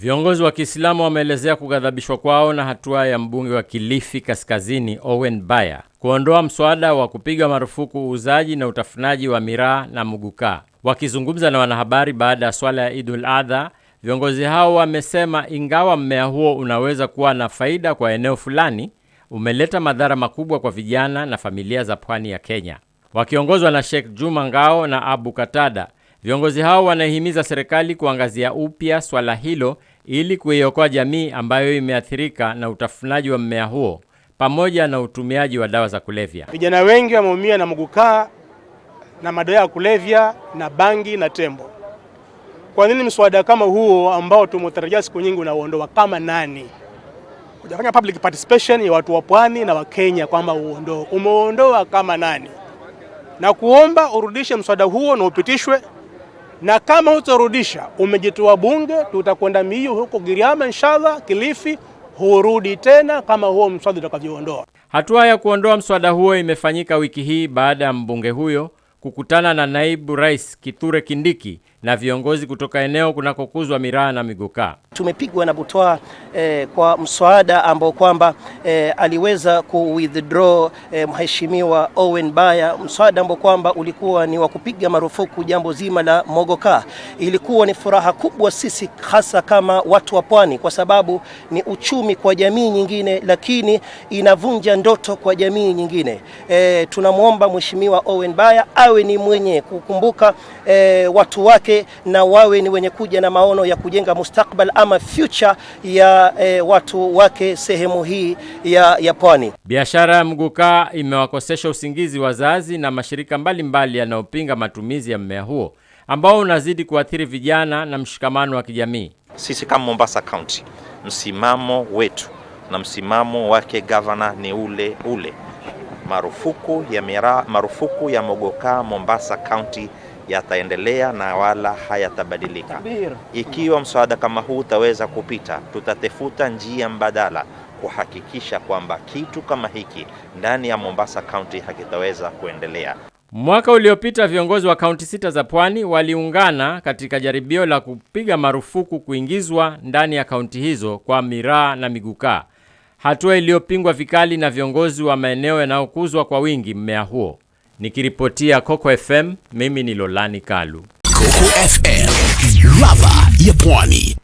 Viongozi wa Kiislamu wameelezea kughadhabishwa kwao na hatua ya mbunge wa Kilifi Kaskazini Owen Baya kuondoa mswada wa kupiga marufuku uuzaji na utafunaji wa miraa na muguka. Wakizungumza na wanahabari baada ya swala ya Idul Adha, viongozi hao wamesema ingawa mmea huo unaweza kuwa na faida kwa eneo fulani, umeleta madhara makubwa kwa vijana na familia za pwani ya Kenya. Wakiongozwa na Sheikh Juma Ngao na Abu Katada, viongozi hao wanaihimiza serikali kuangazia upya swala hilo ili kuiokoa jamii ambayo imeathirika na utafunaji wa mmea huo pamoja na utumiaji wa dawa za kulevya. Vijana wengi wameumia na mugukaa na madawa ya kulevya na bangi na tembo. Kwa nini mswada kama huo ambao tumetarajia siku nyingi unauondoa kama nani? Kujafanya public participation ya watu wa pwani na Wakenya kwamba uondoe, umeondoa kama nani? Na kuomba urudishe mswada huo na upitishwe na kama hutorudisha umejitoa bunge, tutakwenda miyu huko Giriama inshallah, Kilifi hurudi tena kama huo mswada utakavyoondoa. Hatua ya kuondoa mswada huo imefanyika wiki hii baada ya mbunge huyo kukutana na naibu rais Kithure Kindiki na viongozi kutoka eneo kunakokuzwa miraa na migukaa. Tumepigwa na butoa eh, kwa mswada ambao kwamba eh, aliweza withdraw eh, mheshimiwa Owen Baya, mswada ambao kwamba ulikuwa ni wa kupiga marufuku jambo zima la mogoka Ilikuwa ni furaha kubwa sisi, hasa kama watu wa pwani, kwa sababu ni uchumi kwa jamii nyingine, lakini inavunja ndoto kwa jamii nyingine. Eh, tunamwomba mheshimiwa Owen Baya wawe ni mwenye kukumbuka e, watu wake na wawe ni wenye kuja na maono ya kujenga mustakbal ama future ya e, watu wake sehemu hii ya, ya pwani. Biashara ya mgukaa imewakosesha usingizi wazazi na mashirika mbalimbali yanayopinga matumizi ya mmea huo ambao unazidi kuathiri vijana na mshikamano wa kijamii. Sisi kama Mombasa County, msimamo wetu na msimamo wake gavana ni ule ule marufuku ya, mira, marufuku ya Mogoka Mombasa County yataendelea na wala hayatabadilika. Ikiwa mswada kama huu utaweza kupita, tutatefuta njia mbadala kuhakikisha kwamba kitu kama hiki ndani ya Mombasa County hakitaweza kuendelea. Mwaka uliopita viongozi wa kaunti sita za pwani waliungana katika jaribio la kupiga marufuku kuingizwa ndani ya kaunti hizo kwa miraa na migukaa hatua iliyopingwa vikali na viongozi wa maeneo yanayokuzwa kwa wingi mmea huo. Nikiripotia Coco FM, mimi ni Lolani Kalu, Coco FM, ladha ya Pwani.